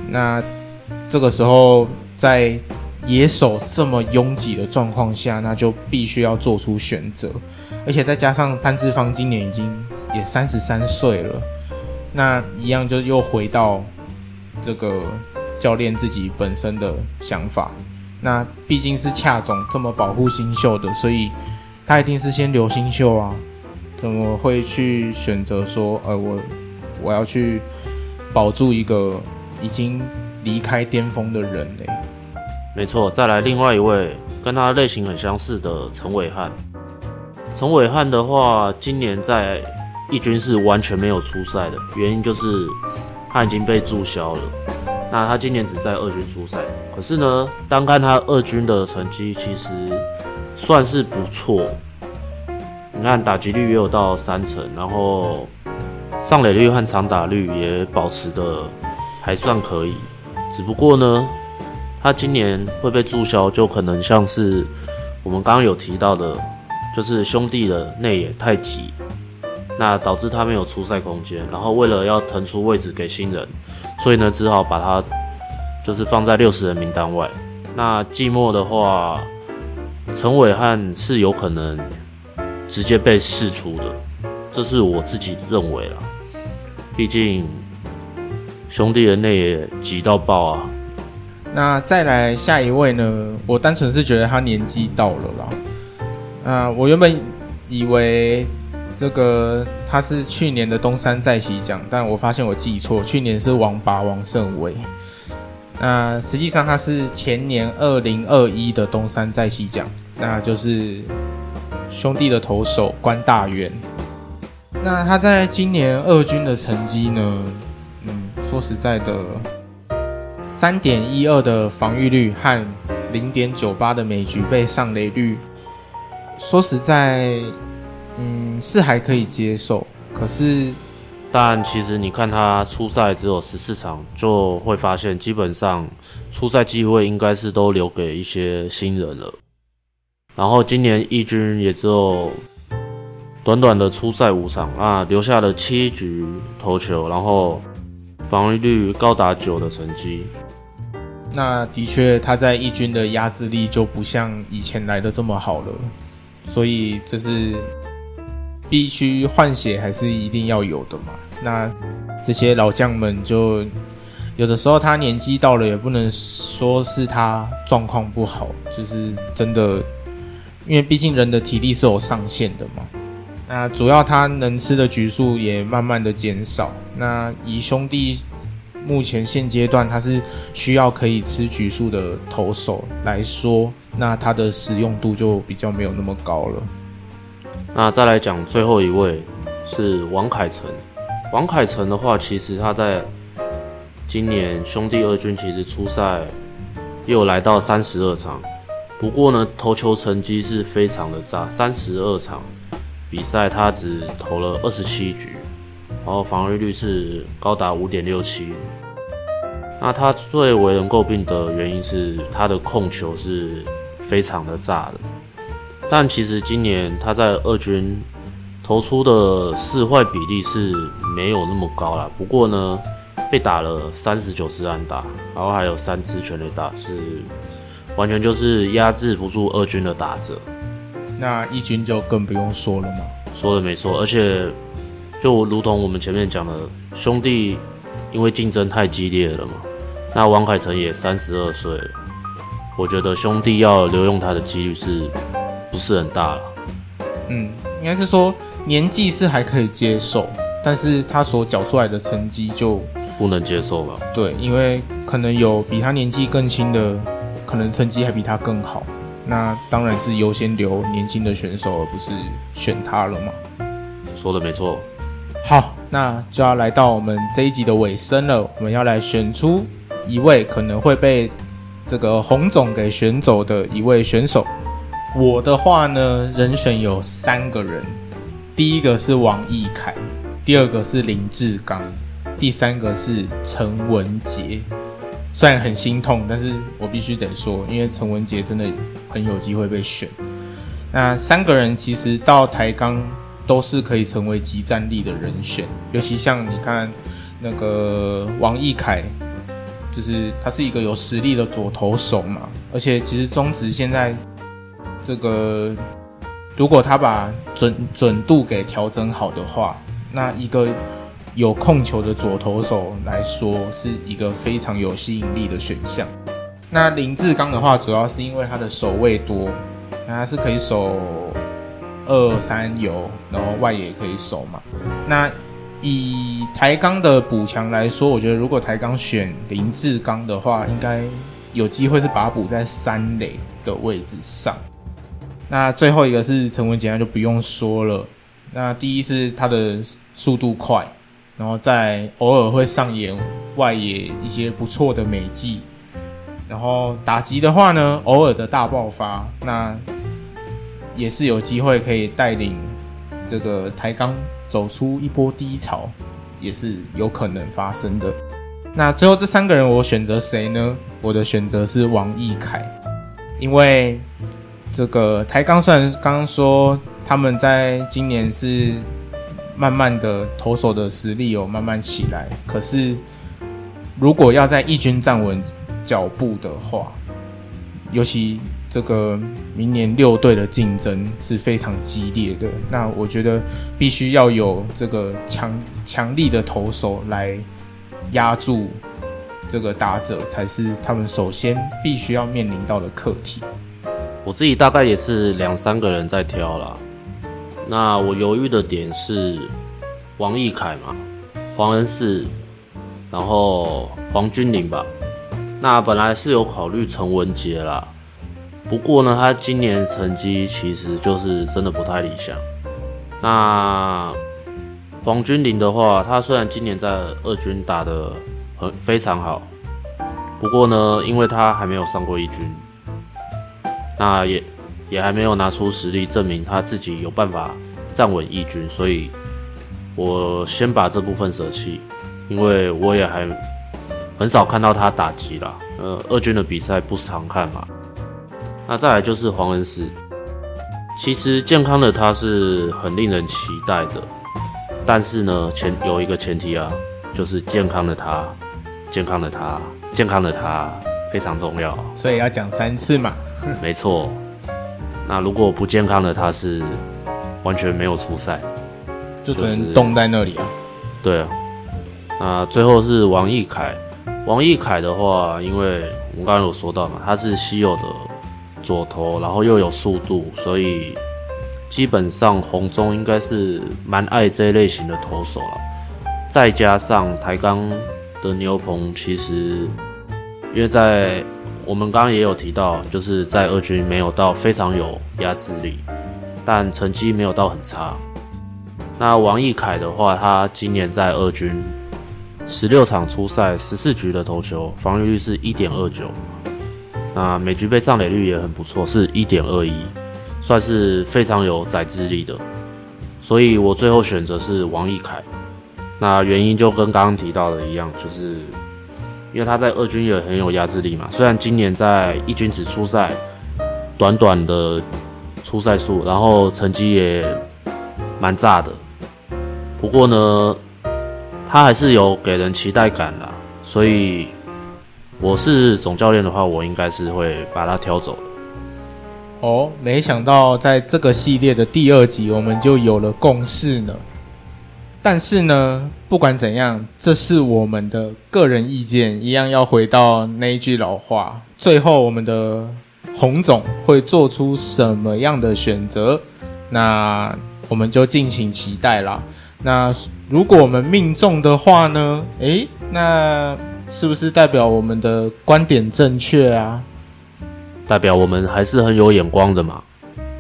那這個時候在野手這麼擁擠的狀況下，那就必須要做出選擇，而且再加上潘志芳今年已經也三十三歲了。那一樣就又回到這個教練自己本身的想法。那畢竟是恰總這麼保護新秀的，所以他一定是先留新秀啊，怎麼會去選擇說，呃，我我要去保住一個已經離開巔峰的人呢？欸？沒錯，再來另外一位跟他類型很相似的陳偉漢。陳偉漢的話，今年在。一軍是完全沒有出賽的原因，就是他已經被註銷了。那他今年只在二軍出賽，可是呢，單看他二軍的成績，其實算是不錯。你看打擊率也有到三成，然後上壘率和長打率也保持的還算可以。只不過呢，他今年會被註銷，就可能像是我們剛剛有提到的，就是兄弟的內野太擠。那導致他沒有出賽空間，然後為了要騰出位置給新人，所以呢，只好把他就是放在六十人名單外。那季末的話，陳偉漢是有可能直接被釋出的，這是我自己認為啦。畢竟兄弟的內也急到爆啊。那再來下一位呢？我單純是覺得他年紀到了啦。啊、呃，我原本以為。這個他是去年的東山再起獎，但我發現我記錯，去年是王拔王勝偉。那實際上他是前年二零二一的東山再起獎，那就是兄弟的投手官大元。那他在今年二軍的成績呢？嗯，說實在的，三點一二的防御率和零點九八的每局被上壘率，說實在。嗯，是還可以接受，可是，但其實你看他出賽只有十四場，就會發現基本上出賽機會應該是都留給一些新人了。然後今年一軍也只有短短的出賽五場啊，那留下了七局投球，然後防御率高達九的成績。那的確，他在一軍的壓制力就不像以前來的這麼好了，所以這是。必須換血還是一定要有的嘛。那這些老將們就有的時候，他年紀到了，也不能說是他狀況不好，就是真的，因為畢竟人的體力是有上限的嘛。那主要他能吃的局數也慢慢的減少。那以兄弟目前現階段他是需要可以吃局數的投手來說，那他的使用度就比較沒有那麼高了。那再來講最後一位是王凱成。王凱成的話，其實他在今年兄弟二軍其實出賽又來到三十二場，不過呢，投球成績是非常的炸，三十二場比賽他只投了二十七局，然後防御率是高達五點六七。那他最為人詬病的原因是他的控球是非常的炸的。但其實今年他在二軍投出的四壞比例是沒有那麼高啦。不過呢，被打了三十九次安打，然後還有三支全壘打，是完全就是壓制不住二軍的打者。那一軍就更不用說了嘛。說的沒錯，而且就如同我們前面講的，兄弟因為競爭太激烈了嘛。那王凱成也三十二歲了，我覺得兄弟要留用他的幾率是，不是很大了，嗯，應該是說年紀是還可以接受，但是他所繳出來的成績就不能接受了。對，因為可能有比他年紀更輕的，可能成績還比他更好，那當然是優先留年輕的選手，而不是選他了嘛。說的沒錯。好，那就要來到我們這一集的尾聲了，我們要來選出一位可能會被這個洪總給選走的一位選手。我的話呢，人選有三個人，第一個是王奕凱，第二個是林志剛，第三個是陳文傑。雖然很心痛，但是我必須得說，因為陳文傑真的很有機會被選。那三個人其實到台鋼都是可以成為即戰力的人選，尤其像你看那個王奕凱，就是他是一個有實力的左投手嘛，而且其實中職現在。這個，如果他把準準度給調整好的話，那一個有控球的左投手來說是一個非常有吸引力的選項。那林志剛的話，主要是因為他的守位多，那他是可以守二三游，然後外野也可以守嘛。那以台鋼的補強來說，我覺得如果台鋼選林志剛的話，應該有機會是把他補在三壘的位置上。那最後一個是陳文杰，那就不用說了。那第一是他的速度快，然後在偶爾會上演外野一些不錯的美技，然後打擊的話呢，偶爾的大爆發，那也是有機會可以帶領這個台鋼走出一波低潮，也是有可能發生的。那最後這三個人，我選擇誰呢？我的選擇是王奕凱，因為。這個台鋼雖然剛剛說他們在今年是慢慢的投手的實力有慢慢起來，可是，如果要在一軍站穩腳步的話，尤其這個明年六隊的競爭是非常激烈的，那我覺得必須要有這個強強力的投手來壓住這個打者，才是他們首先必須要面臨到的課題。我自己大概也是兩三個人在挑啦，那我猶豫的點是王奕凱嘛、黃恩賜，然後黃君玲吧。那本來是有考慮陳文杰啦，不過呢，他今年成績其實就是真的不太理想。那黃君玲的話，他雖然今年在二軍打得很非常好，不過呢，因為他還沒有上過一軍。那也也還沒有拿出實力證明他自己有辦法站穩一軍，所以，我先把這部分捨棄，因為我也還很少看到他打擊啦。呃，二軍的比賽不常看嘛。那再來就是黃恩賜，其實健康的他是很令人期待的，但是呢，前有一個前提啊，就是健康的他，健康的他，健康的他。非常重要，啊，所以要講三次嘛，嗯。沒錯，那如果不健康的他是完全沒有出賽，就只能凍在那裡啊，就是。對啊，那最後是王毅凱。王毅凱的話，因為我們剛剛有說到嘛，他是稀有的左投，然後又有速度，所以基本上紅中應該是蠻愛這一類型的投手了。再加上台鋼的牛棚其實。因為在我們剛剛也有提到，就是在二軍沒有到非常有壓制力，但成績沒有到很差。那王毅凱的話，他今年在二軍十六場出賽十四局的投球防禦率是一點二九，那每局被上壘率也很不錯，是一點二一，算是非常有宰制力的。所以我最後選擇是王毅凱，那原因就跟剛剛提到的一樣，就是。因為他在二軍也很有壓制力嘛，雖然今年在一軍只出賽短短的出賽數，然後成績也蠻炸的，不過呢，他還是有給人期待感啦。所以我是總教練的話，我應該是會把他挑走的。哦，沒想到在這個系列的第二集，我們就有了共識呢。但是呢？不管怎樣，這是我們的個人意見，一樣要回到那一句老話。最後，我們的洪總會做出什麼樣的選擇？那我們就敬請期待啦！那如果我們命中的話呢？誒那是不是代表我們的觀點正確啊？代表我們還是很有眼光的嘛？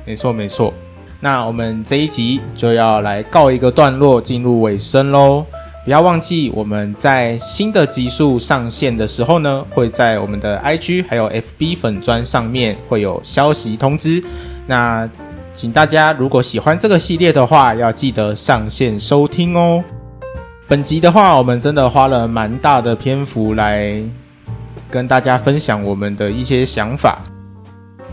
沒錯，沒錯。那我們這一集就要來告一個段落，進入尾聲嘍。不要忘記，我們在新的集數上線的時候呢，會在我們的 IG 還有 FB 粉專上面會有消息通知。那請大家如果喜歡這個系列的話，要記得上線收聽哦。本集的話，我們真的花了蠻大的篇幅來跟大家分享我們的一些想法。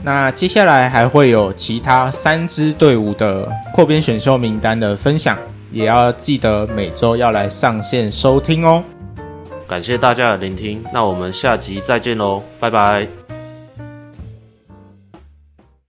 那接下來還會有其他三支隊伍的擴編選秀名單的分享。也要記得每週要來上線收聽哦，感謝大家的聆聽，那我們下集再見嘍，拜拜。